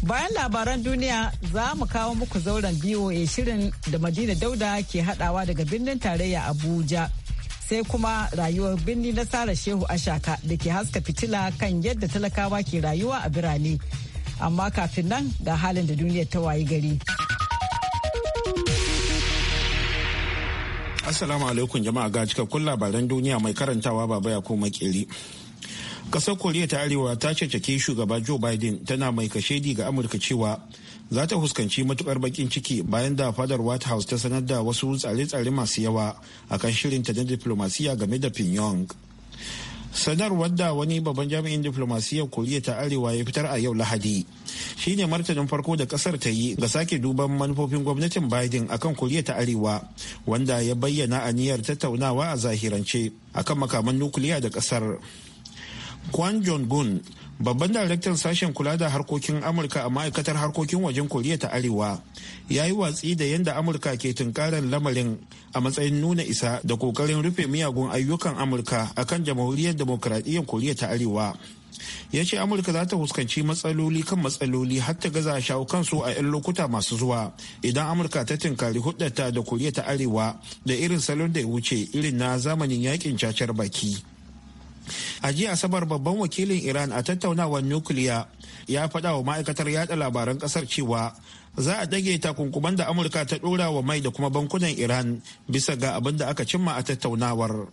Bayan labaran duniya za mu kawo muku zauren BOA shirin da Madina Dauda ke hadawa daga birnin tarayya Abuja. Sai kuma rayuwar birni na Sara Shehu Ashaka da ke haska fitila kan yadda talakawa ke rayuwa a birane. Amma kafin nan ga halin da duniyar ta wayi gari. Assalamu alaikum jama'a ga cikakkun labaran duniya mai karantawa baba ya koma kiri. kasar koriya ta arewa ta cancake shugaba joe biden tana mai kashedi ga amurka cewa za ta fuskanci matukar bakin ciki bayan da fadar white house ta sanar da wasu tsare-tsare masu yawa akan shirinta na diplomasiya game da pyongyang sanarwar da wani babban jami'in diplomasiyyar koriya ta arewa ya fitar a yau lahadi shine martanin farko da kasar ta yi ga sake duban manufofin gwamnatin biden akan koriya ta arewa wanda ya bayyana aniyar tattaunawa a zahirance akan makaman nukiliya da kasar Kwan jong un babban daraktan sashen kula da harkokin Amurka a ma'aikatar harkokin wajen Koriya ta Arewa, ya yi watsi da yadda Amurka ke tunkarar lamarin a matsayin nuna isa da kokarin rufe miyagun ayyukan Amurka a kan jamhuriyar demokradiyyar Koriya ta Arewa. Ya ce Amurka za ta fuskanci matsaloli kan matsaloli har ta gaza shawo kansu a 'yan lokuta masu zuwa idan Amurka ta tunkari hudata da Koriya ta Arewa da irin salon da ya wuce irin na zamanin yakin cacar baki. a jiya asabar babban wakilin iran a tattaunawar nukiliya ya faɗa wa ma'aikatar yada labaran ƙasar cewa za a dage takunkuman da amurka ta ɗora wa mai da kuma bankunan iran bisa ga abin da aka cimma a tattaunawar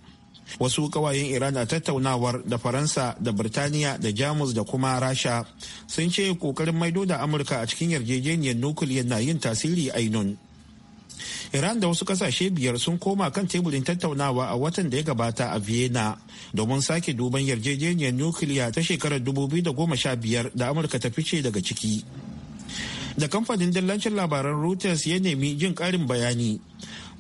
wasu kawayen iran a tattaunawar da faransa da birtaniya da jamus da kuma rasha sun ce kokarin maido da amurka a cikin yarjejeniyar nukiliyar na yin tasiri ainun Iran da wasu kasashe biyar sun koma kan teburin tattaunawa a watan da ya gabata a Vienna domin sake duban yarjejeniyar nukiliya ta shekarar 2015 da Amurka ta fice daga ciki. Da kamfanin dillancin labaran Reuters ya nemi jin ƙarin bayani.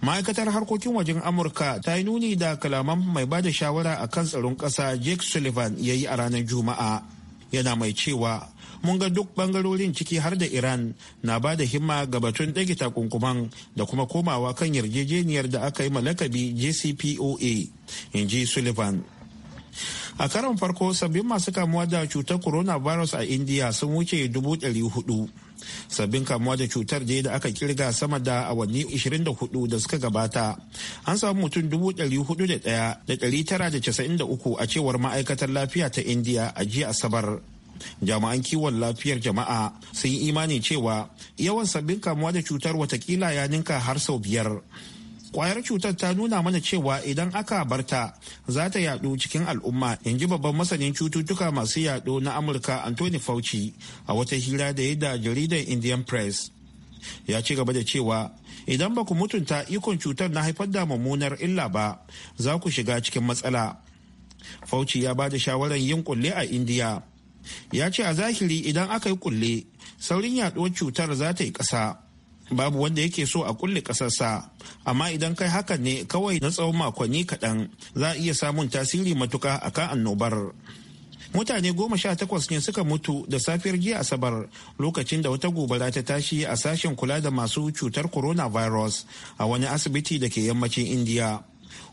Ma'aikatar harkokin wajen Amurka ta yi nuni da kalaman mai ba da shawara a kan tsaron ƙasa Jake Sullivan ya yi a ranar Juma'a. Yana mai cewa mun ga duk bangarorin ciki har da iran na ba da himma ga batun ɗage takunkuman da kuma komawa kan yarjejeniyar da aka yi malakabi jcpoa in ji sullivan a karon farko sabbin masu kamuwa da cutar coronavirus a india sun wuce dubu ɗari hudu sabbin kamuwa da cutar da da aka kirga sama da awanni 24 da suka gabata an samu mutum 401,993 a cewar ma'aikatar lafiya ta india a jiya asabar jami'an kiwon lafiyar jama'a sun yi imani cewa yawan sabbin kamuwa da cutar watakila ya ninka har sau biyar kwayar cutar ta nuna mana cewa idan aka barta za ta yadu cikin al'umma in ji babban masanin cututtuka masu yaɗu na amurka anthony fauci a wata hira da ya da jaridar indian press ya ci gaba da cewa idan ba ku mutunta ikon cutar na haifar da mummunar illa ba za ku shiga cikin matsala fauci ya ba da shawarar yin kulle a indiya ya ce a zahiri idan aka yi kulle saurin yaduwar cutar za ta yi ƙasa babu wanda yake so a kulle ƙasarsa amma idan kai hakan ne kawai na tsawon makonni kaɗan za a iya samun tasiri matuka kan annobar mutane goma sha takwas ne suka mutu da safiyar jiya asabar lokacin da wata gobara ta tashi a sashen kula da masu cutar coronavirus a wani asibiti da ke yammacin indiya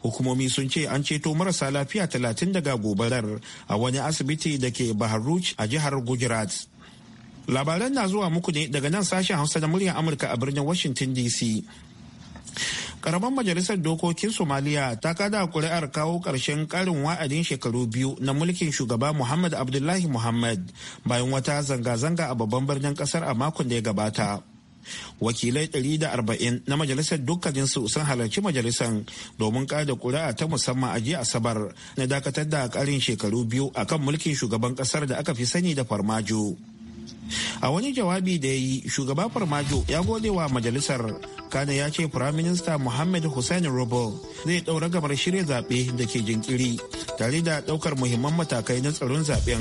hukumomi sun ce an ceto marasa lafiya talatin daga gobarar a wani asibiti da ke baharuch a jihar gujarat labaran na zuwa muku ne daga nan sashen hausa da muryar amurka a birnin washington dc karamar majalisar dokokin somaliya ta kada kuri'ar kawo ƙarshen karin wa'adin shekaru biyu na mulkin shugaba muhammad abdullahi muhammad bayan wata zanga-zanga a babban birnin kasar a makon da ya gabata wakilai 140 na majalisar dukkaninsu sun halarci majalisar domin kada kuri'a ta musamman a jiya asabar na dakatar da karin shekaru biyu a kan mulkin shugaban kasar da aka fi sani da farmajo a wani jawabi da ya yi shugaba farmajo ya gode wa majalisar kana ya ce firaminista Muhammadu hussein robo zai ɗaura gabar shirya zaɓe da ke jinkiri tare da ɗaukar muhimman matakai na tsaron zaɓen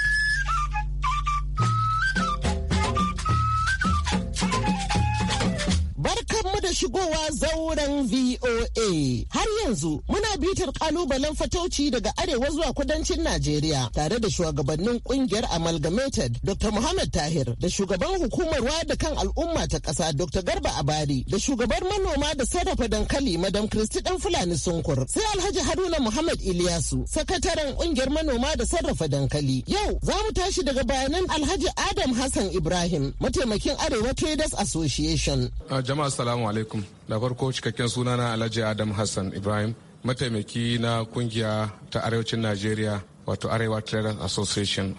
zauren VOA. Har yanzu muna bitar kalubalen fatauci daga arewa zuwa kudancin Najeriya tare da shugabannin kungiyar Amalgamated Dr. Muhammad Tahir da shugaban hukumar wada kan al'umma ta ƙasa Dr. Garba Abari da shugabar manoma da sarrafa dankali Madam Kristi Dan Fulani Sunkur. Sai Alhaji Haruna Muhammad Iliyasu, sakataren kungiyar manoma da sarrafa dankali. Yau za mu tashi daga bayanan Alhaji Adam Hassan Ibrahim, mataimakin Arewa Traders Association. Ah, jama'a salamu alaikum. da farko cikakken sunana alhaji adam hassan ibrahim mataimaki na kungiya ta arewacin najeriya wato arewa trade association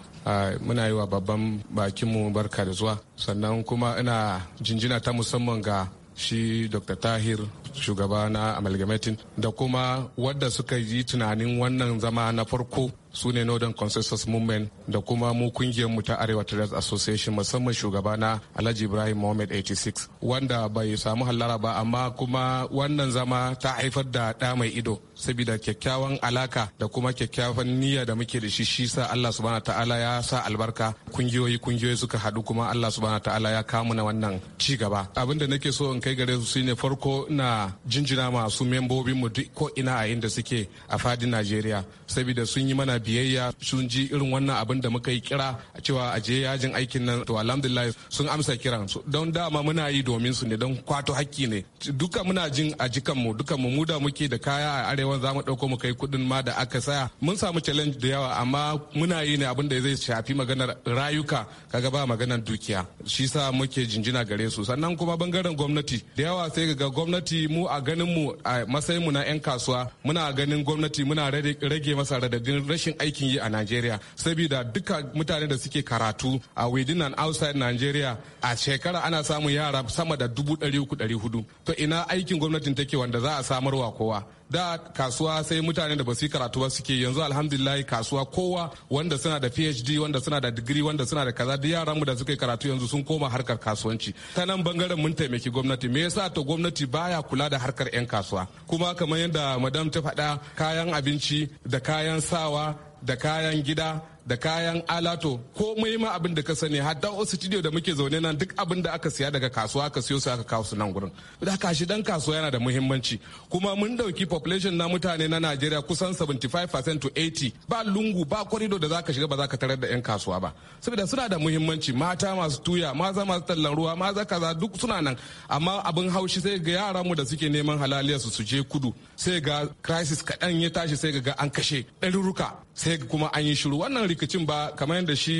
muna yi wa babban bakinmu barka da zuwa sannan kuma ina jinjina ta musamman ga shi dr tahir shugaba na amalgamatin da kuma wadda suka yi tunanin wannan zama na farko su ne northern consensus movement da kuma mu mu ta arewa traders association musamman shugabana alhaji ibrahim mohammed 86 wanda bai samu hallara ba amma kuma wannan zama ta haifar da da mai ido saboda kyakkyawan alaka da kuma kyakkyawan niyya da muke da shi shi sa allah subhanahu ta'ala ya sa albarka kungiyoyi kungiyoyi suka haɗu kuma allah subhanahu ta'ala ya kamu na wannan ci gaba abin da nake so in kai gare su shine farko na jinjina masu membobin mu duk ko ina a inda suke a fadin najeriya saboda sun yi mana biyayya sun ji irin wannan abin abin da muka yi kira a cewa a je yajin aikin nan to alhamdulillah sun amsa kiran su don dama muna yi domin su ne don kwato hakki ne duka muna jin a jikan mu duka mu muda muke da kaya a arewa zamu mu dauko mu kai kudin ma da aka saya mun samu challenge da yawa amma muna yi ne abin da zai shafi maganar rayuka kaga ba maganar dukiya shi sa muke jinjina gare su sannan kuma bangaren gwamnati da yawa sai ga gwamnati mu a ganin mu a matsayin mu na yan kasuwa muna ganin gwamnati muna rage masa radadin rashin aikin yi a Najeriya saboda duka mutane da suke karatu a within and outside Nigeria a shekara ana samun yara sama da dubu ɗari uku ɗari hudu. To ina aikin gwamnatin take wanda za a samarwa kowa. da kasuwa sai mutane da ba su yi karatu ba suke yanzu alhamdulillah kasuwa kowa wanda suna da phd wanda suna da digiri wanda suna da kaza da yaran mu da suka karatu yanzu sun koma harkar kasuwanci ta nan bangaren mun taimaki gwamnati me yasa to gwamnati baya kula da harkar yan kasuwa kuma kamar yadda madam ta faɗa kayan abinci da kayan sawa da kayan gida da kayan alato ko ma abin da ka sani hatta o studio da muke zaune nan duk abin da aka siya daga kasuwa aka siyo su aka kawo su nan gurin da shi dan kasuwa yana da muhimmanci kuma mun dauki population na mutane na Najeriya kusan 75% to 80 ba lungu ba corridor da zaka shiga ba zaka tarar da yan kasuwa ba saboda suna da muhimmanci mata masu tuya maza masu tallan ruwa maza kaza duk suna nan amma abin haushi sai ga yaran mu da suke neman halaliyar su su je kudu sai ga crisis kadan ya tashi sai ga an kashe ɗaruruka sai kuma an yi shiru wannan rikicin ba kamar yadda shi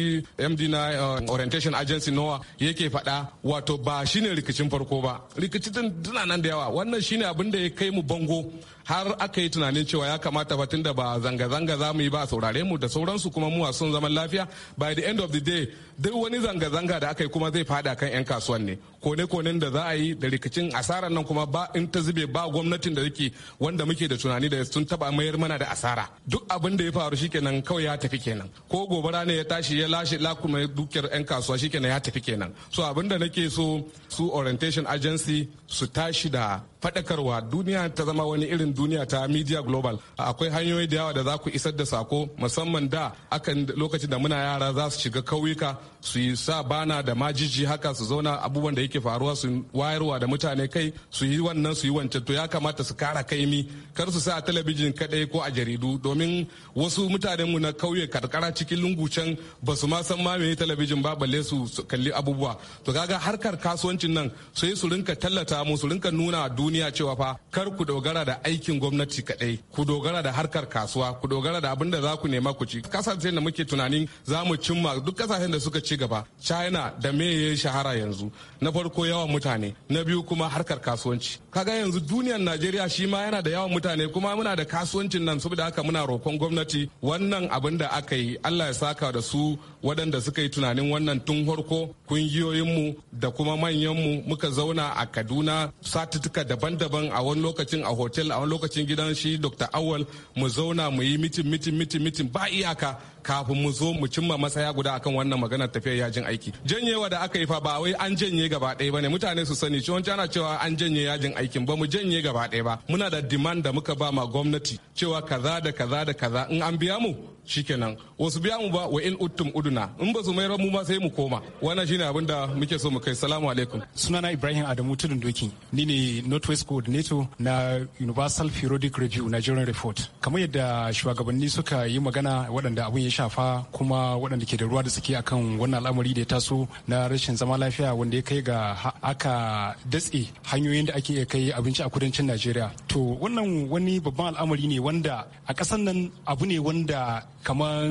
md na eh, orientation agency nowa yake fada wato ba shine rikicin farko ba rikicin tana nan da yawa wannan shine abin da ya kai mu bango har aka yi tunanin cewa ya kamata batun da ba zanga-zanga za mu yi ba a saurare mu da sauransu kuma mu sun zaman lafiya by the end of the day duk wani zanga-zanga da aka yi kuma zai fada kan 'yan kasuwan ne kone-konen da za a yi da rikicin asarar nan kuma ba in ta zube ba gwamnatin da yake wanda muke da tunani da sun taba mayar mana da asara duk abin da ya faru shikenan kawai ya tafi kenan ko gobara ne ya tashi ya lashe lakuma dukiyar yan kasuwa shikenan ya tafi kenan so abinda nake so su orientation agency su tashi da faɗakarwa duniya ta zama wani irin duniya ta media global akwai hanyoyi da yawa da za ku isar da sako musamman da akan lokacin da muna yara za su shiga kauyuka su yi sa bana da majiji haka su zauna abubuwan da yake faruwa su wayarwa da mutane kai su yi wannan su yi wancan to ya kamata su kara kaimi kar su sa a talabijin kadai ko a jaridu domin wasu mutanen mu na kauye karkara cikin lungu can ba su ma san ma me talabijin ba balle su kalli abubuwa to kaga harkar kasuwancin nan sai su rinka tallata mu su rinka nuna duniya duniya cewa fa kar ku dogara da aikin gwamnati kadai ku dogara da harkar kasuwa ku dogara da abin da za ku nema ku ci kasashen da muke tunanin za mu cimma duk kasashen da suka ci gaba china da me ya shahara yanzu na farko yawan mutane na biyu kuma harkar kasuwanci kaga yanzu duniyar najeriya shi ma yana da yawan mutane kuma muna da kasuwancin nan saboda haka muna roƙon gwamnati wannan abin da aka yi allah ya saka da su waɗanda suka yi tunanin wannan tun farko ƙungiyoyinmu da kuma manyanmu muka zauna a kaduna satuttuka da daban-daban a wani lokacin a hotel a wani lokacin gidan shi dr awal mu zauna mu yi mitin mitin mitin mitin ba iyaka kafin mu zo mu cimma masaya guda akan wannan maganar tafiyar yajin aiki janyewa da aka yi fa ba wai an janye gaba ɗaya bane mutane su sani cewa ana cewa an janye yajin aikin ba mu janye gaba ɗaya ba muna da demand da muka ba ma gwamnati cewa kaza da kaza da kaza in an biya mu shikenan wasu biya mu ba wa in uttum uduna in ba su mai mu ma sai mu koma wannan shine abin da muke so mu kai salamu alaikum sunana ibrahim adamu tudun doki ni ne northwest coordinator na universal periodic review nigerian report kamar yadda shugabanni suka yi magana waɗanda abun ya shafa kuma waɗanda ke da ruwa da suke akan wannan al'amari da ya taso na rashin zama lafiya wanda ya kai ga aka datse hanyoyin da ake iya kai abinci a kudancin najeriya to wannan wani babban al'amari ne wanda a ƙasar nan abu ne wanda kamar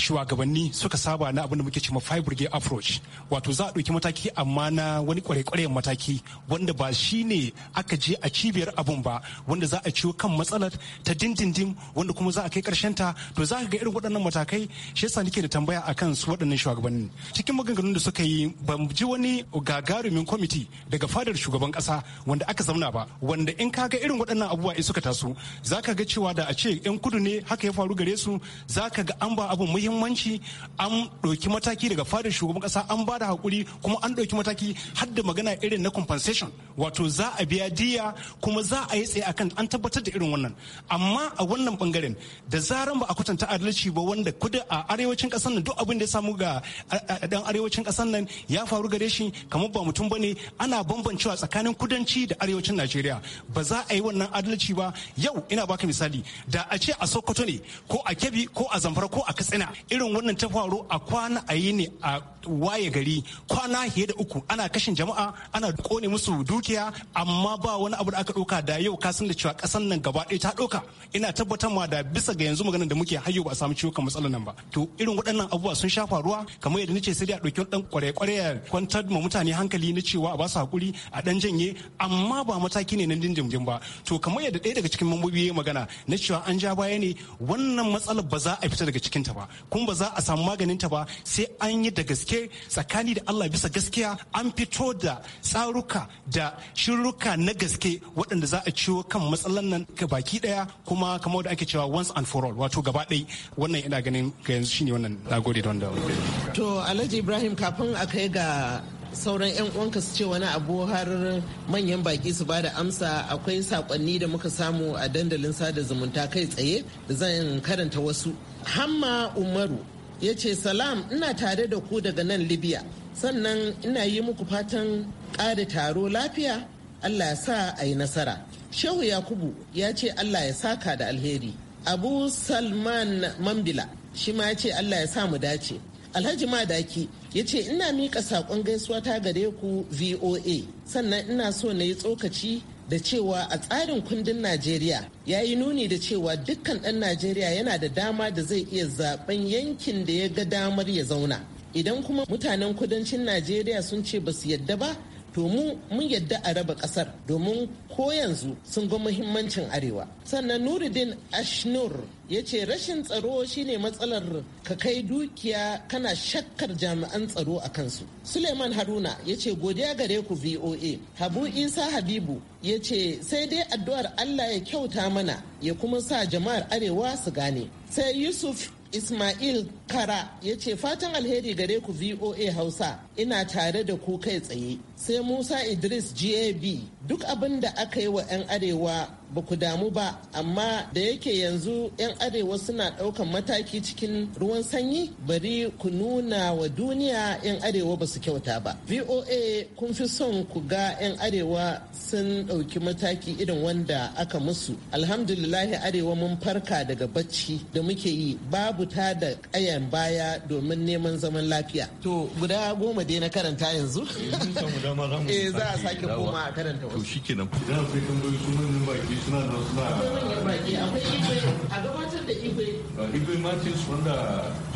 shugabanni suka saba na abin da muke cewa five brigade approach wato za a ɗauki mataki amma na wani kware-kware mataki wanda ba shi ne aka je a cibiyar abun ba wanda za a ciwo kan matsalar ta dindindin wanda kuma za a kai karshen ta to za ka ga irin waɗannan matakai shi yasa nake da tambaya akan su waɗannan shugabanni cikin maganganun da suka yi ban ji wani gagarumin kwamiti daga fadar shugaban kasa wanda aka zauna ba wanda in ka ga irin waɗannan abubuwa in suka taso za ka ga cewa da a ce 'yan kudu ne haka ya faru gare su za ka ga an ba abun muhimmanci muhimmanci an ɗauki mataki daga fadar shugaban ƙasa an ba da hakuri kuma an ɗauki mataki har da magana irin na compensation wato za a biya diya kuma za a yi tsaye akan an tabbatar da irin wannan amma a wannan bangaren da zaran ba a kwatanta adalci ba wanda kudu a arewacin ƙasar nan duk abin da ya samu ga dan arewacin kasar nan ya faru gare shi kamar ba mutum bane ana bambancewa tsakanin kudanci da arewacin Najeriya ba za a yi wannan adalci ba yau ina baka misali da a ce a Sokoto ne ko a Kebbi ko a Zamfara ko a Katsina irin wannan ta faru a kwana a yi ne a waye gari kwana fiye da uku ana kashin jama'a ana kone musu dukiya amma ba wani abu da aka ɗauka da yau ka san da cewa ƙasar nan gaba ɗaya ta ɗauka ina tabbatar ma da bisa ga yanzu maganar da muke hayo ba a samu ciwo kan matsalar nan ba to irin waɗannan abubuwa sun sha faruwa kamar yadda nace sai dai a ɗauki ɗan kware-kware ya kwantar ma mutane hankali na cewa a ba su hakuri a ɗan janye amma ba mataki ne na dindindin ba to kamar yadda ɗaya daga cikin mambobi ya magana na cewa an ja baya ne wannan matsalar ba za a fita daga cikinta ba kun ba za a samu maganin ta ba sai an yi da gaske tsakani da Allah bisa gaskiya an fito da tsaruka da shirruka na gaske waɗanda za a ciwo kan matsalan nan ga baki daya kuma kamar da ake cewa once and for all wato gaba ɗai wannan ina ganin ga yanzu shine wannan nagode da to Alhaji Ibrahim kafin a kai ga sauran 'yan uwanka su ce wani abu har manyan baki su bada amsa akwai sakonni da muka samu a dandalin sada zumunta kai tsaye zan karanta wasu hamma umaru ya ce salam ina tare da ku daga nan libya sannan ina yi muku fatan ƙara taro lafiya allah ya sa a yi nasara shehu yakubu ya ce allah ya saka da alheri abu salman mambila shi ma ya ce allah ya sa mu dace alhaji madaki ya ce ina miƙa saƙon gaisuwa ta gare ku voa sannan ina so na yi tsokaci da cewa a tsarin kundin Najeriya ya yi nuni da cewa dukkan ɗan Najeriya yana da dama da zai iya zaben yankin da ya ga damar ya zauna. Idan kuma mutanen kudancin Najeriya sun ce ba su yadda ba, to mu mun yadda a raba kasar domin ko yanzu sun ga muhimmancin arewa sannan nuruddin ashnur ya ce rashin tsaro shine matsalar ka kai dukiya kana shakkar jami'an tsaro a kansu suleiman haruna ya ce godiya gare ku voa habu isa habibu ya ce sai dai addu'ar allah ya kyauta mana ya kuma sa jama'ar arewa su gane sai yusuf Ismail Kara ya ce fatan alheri gare ku VOA Hausa ina tare da ku kai tsaye sai musa idris gab duk abin da aka yi wa 'yan arewa ba ku damu ba amma da yake yanzu 'yan arewa suna ɗaukan mataki cikin ruwan sanyi bari ku nuna wa duniya 'yan arewa ba su kyauta ba voa kun fi son ku ga 'yan arewa sun ɗauki mataki irin wanda aka musu alhamdulillahi arewa mun farka daga bacci da muke yi babu ta da ƙayan baya domin neman zaman lafiya to guda goma dai na karanta yanzu E za a sake koma a karanta wasu to shikenan idan akwai tambayoyi su manyan baki suna da suna manyan baki akwai igwe a gabatar da igwe igwe martins wanda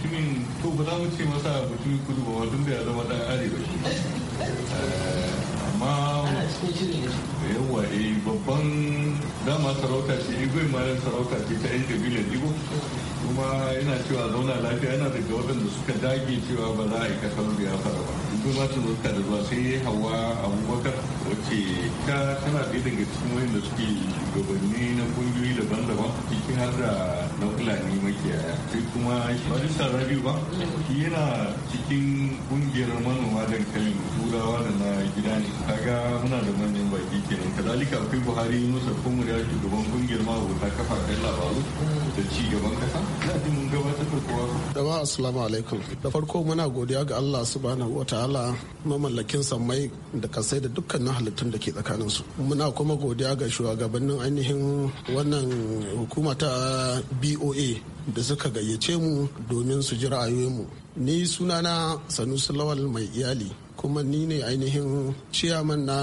timin to ba za mu ce masa mutumin kudu ba wadun da ya zama dan arewa amma yawa eh babban dama sarauta ce igwe malam sarauta ce ta yan kabilan digo kuma yana cewa zauna lafiya yana da daga waɗanda suka dage cewa ba za a yi kasar biyafar ba duk ma su zuka da zuwa sai hawa abubakar wacce ta tana ɗaya daga cikin da suke gabanni na kungiyoyi daban-daban ciki har da na fulani makiyaya sai kuma barista rabiu ba shi yana cikin kungiyar manoma dankalin turawa da na gida ne kaga muna da manyan baki kenan kazalika akwai buhari yunusa kumuriya shugaban kungiyar mabuta kafafen labaru da ci gaban kasa na ji mun gabatar da kowa jama'a assalamu alaikum da farko muna godiya ga allah subhanahu wataala mamallakin sammai da kasai da dukkanin halittun da ke tsakanin su muna kuma godiya ga shugabannin ainihin wannan hukuma ta bi voa da suka gayyace mu domin su ji ra'ayoyin mu ni sunana sanusi lawal mai iyali kuma ni ne ainihin ciyaman na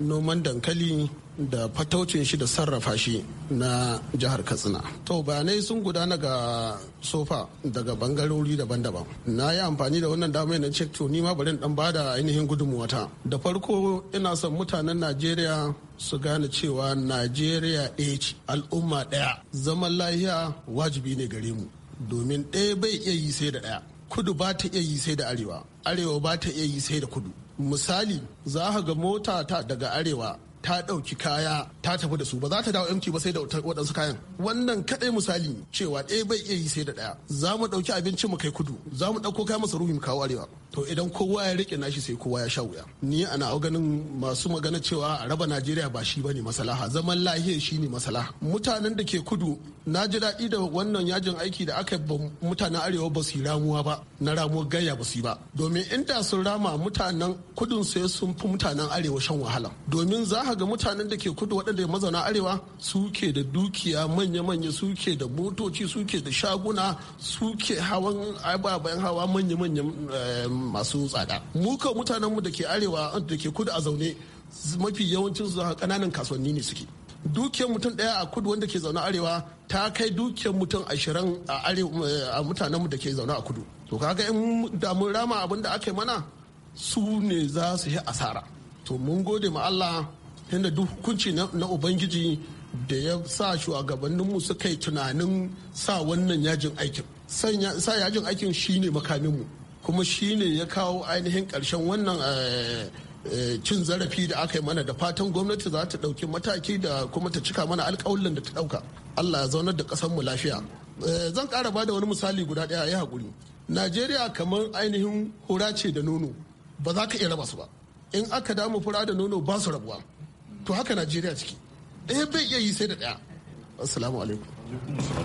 noman dankali da fataucin shi da sarrafa shi na jihar katsina to bayanai sun gudana ga sofa daga bangarori daban-daban na yi amfani da wannan damar na ce to nima bari dan bada ainihin gudunmuwata da farko ina son mutanen najeriya su gane cewa najeriya ɗaya ce al'umma ɗaya zaman lahiya wajibi ne gare mu domin ɗaya bai iya yi sai da ɗaya kudu ba ta iya yi sai da arewa arewa ba ta iya yi sai da kudu misali za a ga mota ta daga arewa ta ɗauki kaya ta tafi da su ba za ta dawo mt ba sai da waɗansu kayan wannan kaɗai misali cewa ɗaya eh, bai iya yi sai da ɗaya za mu ɗauki abinci mu kai kudu za mu ɗauko kayan masarufi mu kawo arewa to idan kowa ya riƙe nashi sai kowa ya sha wuya ni ana ganin masu magana cewa a raba najeriya ba shi bane masalaha zaman lahiya shi ne masalaha mutanen da ke kudu na ji daɗi da wannan yajin aiki da aka ba mutanen arewa ba su yi ramuwa ba na ramuwar gayya ba su yi ba domin inda sun rama mutanen kudun sai sun fi mutanen arewa shan wahala domin za ga mutanen da ke kudu waɗanda mazauna arewa suke da dukiya manya-manya suke da motoci suke da shaguna suke hawan ababen hawa manya-manya eh, masu tsada mu ka mutanenmu da ke arewa da ke kudu a zaune mafi yawancin su kananan kasuwanni ne suke dukiyar mutum daya a kudu wanda ke zaune arewa ta kai dukiyar mutum ashirin a arewa eh, mutanenmu da ke zaune a kudu to kaga in da mun rama abin da aka yi mana su ne za su yi asara to mun gode ma Allah inda duk hukunci na ubangiji da ya sa shugabanninmu suka yi tunanin sa wannan yajin aikin sa yajin aikin shine makaminmu kuma shine ya kawo ainihin karshen wannan eh, eh, cin zarafi da aka yi mana da fatan gwamnati za ta ɗauki mataki da kuma ta cika mana alƙawalin da ta ɗauka allah ya zaunar da kasar mu lafiya eh, zan kara ba da wani misali guda ɗaya ya haƙuri najeriya kamar ainihin hura ce da nono ba za ka iya raba su ba in aka damu fura da nono ba su rabuwa to haka najeriya ciki ɗaya bai iya yi sai da ɗaya assalamu alaikum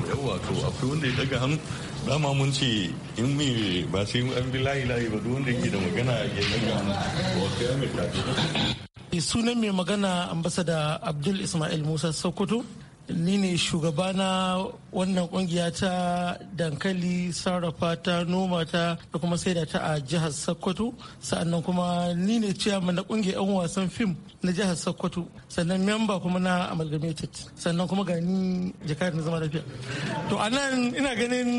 yawa to akwai wanda ya daga hannu dama mun ce in mai ba sai an bi layi layi ba duk wanda yake da magana ya daga hannu ba kai mai tafi sunan mai magana ambasada abdul ismail musa sokoto ni ne shugaba na wannan kungiya ta dankali sarrafa ta noma ta da kuma saida ta a jihar sokoto sa'annan kuma ni ne ciyaman na kungiyar 'yan wasan fim na jihar sokoto sannan memba kuma na amalgamated sannan kuma gani jakar na zama lafiya to anan ina ganin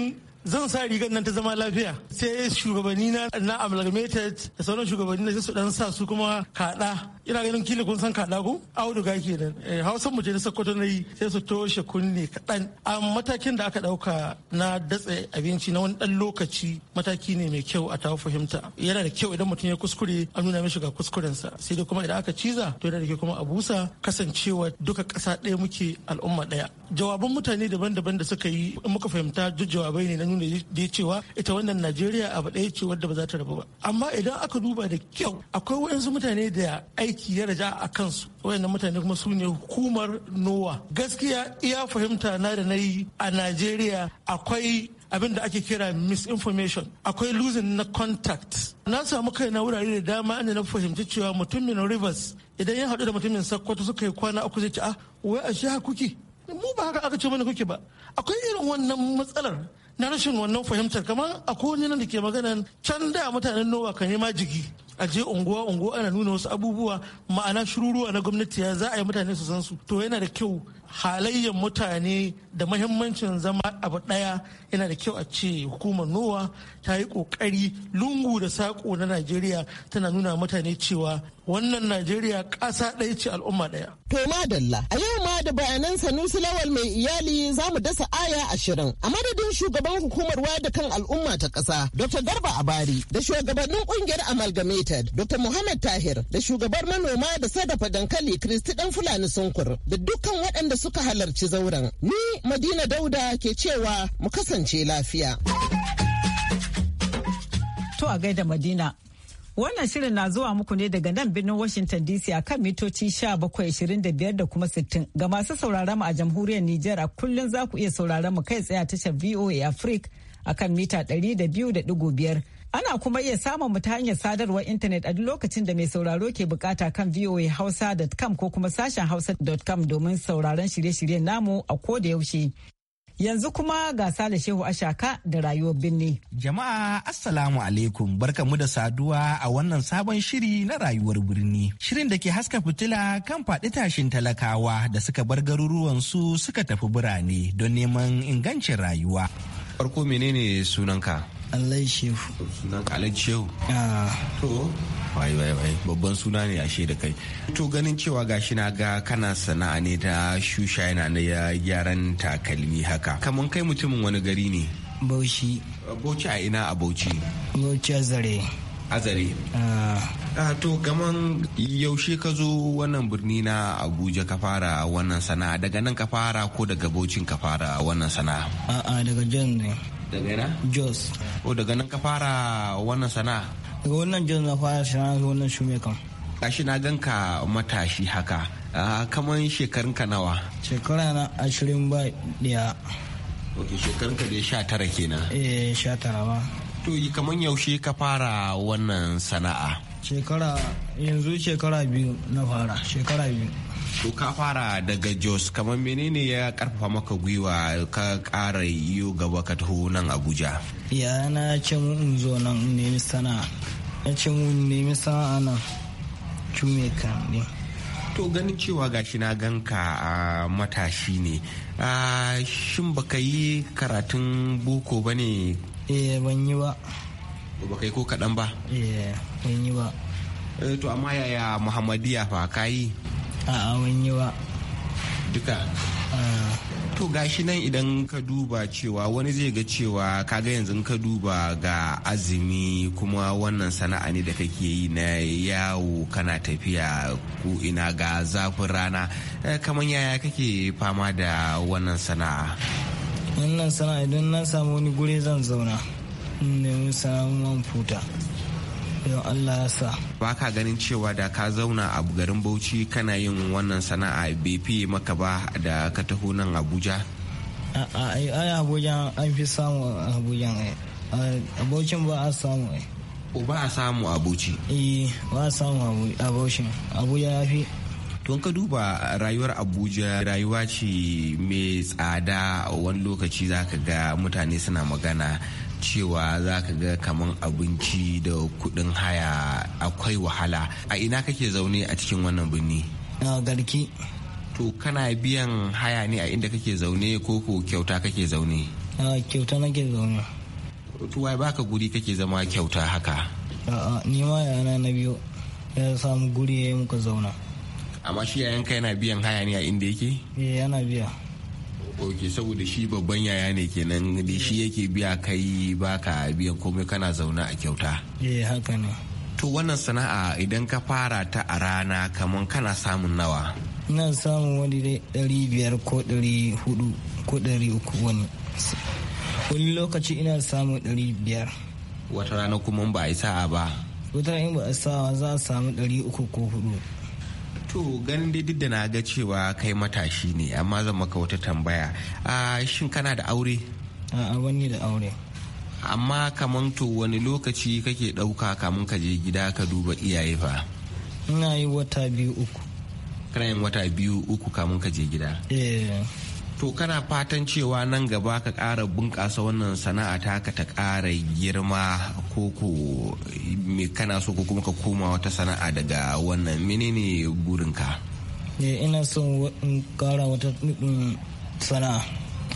zan sa rigar nan ta zama lafiya sai shugabanni na amalgamated da sauran shugabanni na su dan sa su kuma kaɗa ina ganin kila kun san kaɗa ko auduga kenan eh, hausan mu je na sokoto na yi sai su toshe kunne kaɗan a matakin da aka ɗauka na datse abinci na wani ɗan lokaci mataki ne mai kyau a tawo fahimta yana da kyau idan mutum ya kuskure a nuna mishi ga kuskurensa sai dai kuma idan aka ciza to yana da kyau kuma a busa kasancewa duka ƙasa ɗaya muke al'umma ɗaya jawaban mutane daban-daban da suka yi muka fahimta duk jawabai ne na nuna da cewa ita wannan najeriya abu ɗaya ce wadda ba za ta rabu ba amma idan aka duba da kyau akwai waɗansu mutane da aiki aiki ya raja a kansu wayannan mutane kuma su ne hukumar nowa gaskiya iya fahimta na da na yi a najeriya akwai abin da ake kira misinformation akwai losing na contact na samu kai na wurare da dama inda na fahimci cewa mutumin rivers idan ya haɗu da mutumin sakkwato suka yi kwana uku zai ce a ah, wai a sha kuke mu ba haka aka ce mana kuke ba akwai irin wannan matsalar na rashin wannan fahimtar kamar a kowane nan da ke magana can da mutanen nowa kan ma majigi a je unguwa unguwa ana nuna wasu abubuwa ma'ana shiruruwa na gwamnati ya za a yi mutane su san su to yana da kyau halayyar mutane da mahimmancin zama abu ɗaya yana da kyau a ce hukumar nowa ta yi ƙoƙari lungu da sako na najeriya tana nuna mutane cewa wannan najeriya ƙasa ɗaya ce al'umma ɗaya. to madalla a yau ma da bayanan sanusi lawal mai iyali za mu dasa aya ashirin a madadin shugaban hukumar wayar da kan al'umma ta ƙasa dr garba abari da shugabannin ƙungiyar amalgamated dr muhammad tahir da shugabar manoma da sadafa dankali kristi dan fulani sunkur da dukkan waɗanda suka halarci zauren ni Madina Dauda ke cewa mu kasance lafiya. To a gaida Madina. Wannan shirin na zuwa muku ne daga nan birnin Washington DC a kan mitoci 1725 da kuma 60 ga masu sauraron mu a jamhuriyar Nijar a kullum za ku iya sauraron mu kai tsaye a tashar VOA Africa a kan mita 200.5. Ana kuma iya samun mu ta hanyar sadarwar intanet a duk lokacin da mai sauraro ke bukata kan voahausa.com ko kuma sashen hausa.com domin sauraron shirye-shiryen namu a ko da yaushe. Yanzu kuma ga Sale Shehu Ashaka da rayuwar binne. Jama'a Assalamu alaikum barkamu da saduwa a wannan sabon shiri na rayuwar birni. Shirin da ke haska fitila kan faɗi tashin talakawa da suka bar garuruwan su suka tafi birane don neman ingancin rayuwa. Farko menene sunanka? Allah Shehu. Sunan Alhaji Shehu. Ah. To, wai wai wai babban suna ne ashe da kai. To ganin cewa gashi na ga kana sana'a ne ta shusha yana na gyaran takalmi haka. Kamar kai mutumin wani gari ne? Bauchi. Bauchi a ina a Bauchi? Bauchi a zare. A zare. Uh, ah. ah, to gaman yaushe ka zo wannan birni na abuja ka fara wannan sana'a daga nan ka fara ko daga baucin ka fara wannan sana'a a'a daga jan ne daga yana? jos o oh, daga nan ka fara wannan sana'a daga wannan jos na fara sana'a wannan shume kashi na gan ka matashi haka ah, kamar shekarun ka nawa shekara na ashirin ba daya ok shekarun ka dai sha tara kenan eh sha tara ba to yi kamar yaushe ka fara wannan sana'a shekara yanzu shekara biyu na fara shekara biyu To ka fara daga Jos kamar menene ya karfafa maka gwiwa ka kara yiwu gaba ka taho nan Abuja? Ya na ce mun zo nan nemi sana'a. Na ce mun nemi sana'a nan cume kan ne. To ganin cewa gashi na ganka a matashi ne. Shin baka yi karatun boko ba ne? Eh ban yi ba. Ba yi ko kaɗan ba? Eh ban yi ba. Eh, to amma yaya Muhammadiya fa ka yi? A'a ban yi Duka. Ah. To gashi nan idan ka duba cewa wani zai ga cewa kaga yanzu ka duba ga azumi kuma wannan sana'a ne da kake yi na yawo kana tafiya ko ina ga zafin rana eh, kamar yaya kake fama da wannan sana'a. Wannan sana'a idan na samu wani guri zan zauna. Nemi samun man futa. yau Allah ya sa. Ba ka ganin cewa da ka zauna a garin Bauchi kana yin wannan sana'a bai fiye maka ba da ka taho nan Abuja? A Abuja an fi samu Abuja a Bauchin ba a samu O ba a samu a Bauchi? Eh ba a samu a Bauchi Abuja ya fi. don ka duba rayuwar abuja rayuwa ce mai tsada wani lokaci za ka ga mutane suna magana cewa za ka ga kaman abinci da kuɗin haya akwai wahala a ina kake zaune a cikin wannan birni garki to kana biyan haya ne a inda kake zaune ko ko kyauta kake zaune kyauta nake zaune to wai baka guri kake zama kyauta haka a'a ni ma yana na biyo ya samu guri ya yi muka zauna amma shi yayan ka yana biyan haya ne a inda yake eh, yana biya ok saboda shi babban yaya ne kenan da shi yake biya kai baka biyan komai kana zaune a kyauta eh haka ne to wannan sana'a idan ka fara ta a rana kamar kana samun nawa ina samun wani ɗari biyar ko ɗari hudu ko ɗari uku wani wani lokaci ina samun ɗari biyar wata rana kuma ba a yi sa'a ba wata rana ba a sa'a za a samu ɗari uku ko hudu to ganin dai duk da na ga cewa kai matashi ne amma zan maka wata tambaya a shin kana da aure a wani da aure amma kamar to wani lokaci kake ɗauka kamun ka je gida ka duba iyaye fa ina yi wata biyu uku kana yin wata biyu uku kamun ka je gida eh to kana fatan cewa nan gaba ka ƙara bunƙasa wannan sana'a ta ka ta ƙara girma ko ko me kana so ko kuma ka koma wata sana'a daga wannan menene burinka eh, ina son in ƙara wata mm, sana'a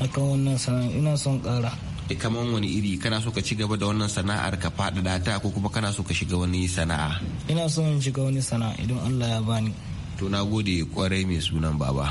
akan wannan sana'a ina son ƙara eh, kamar wani iri kana so ka ci gaba da wannan sana'ar ka faɗaɗa ta ko kuma kana so ka shiga wani sana'a ina so in shiga wani sana'a idan Allah ya bani to na gode kwarai mai sunan baba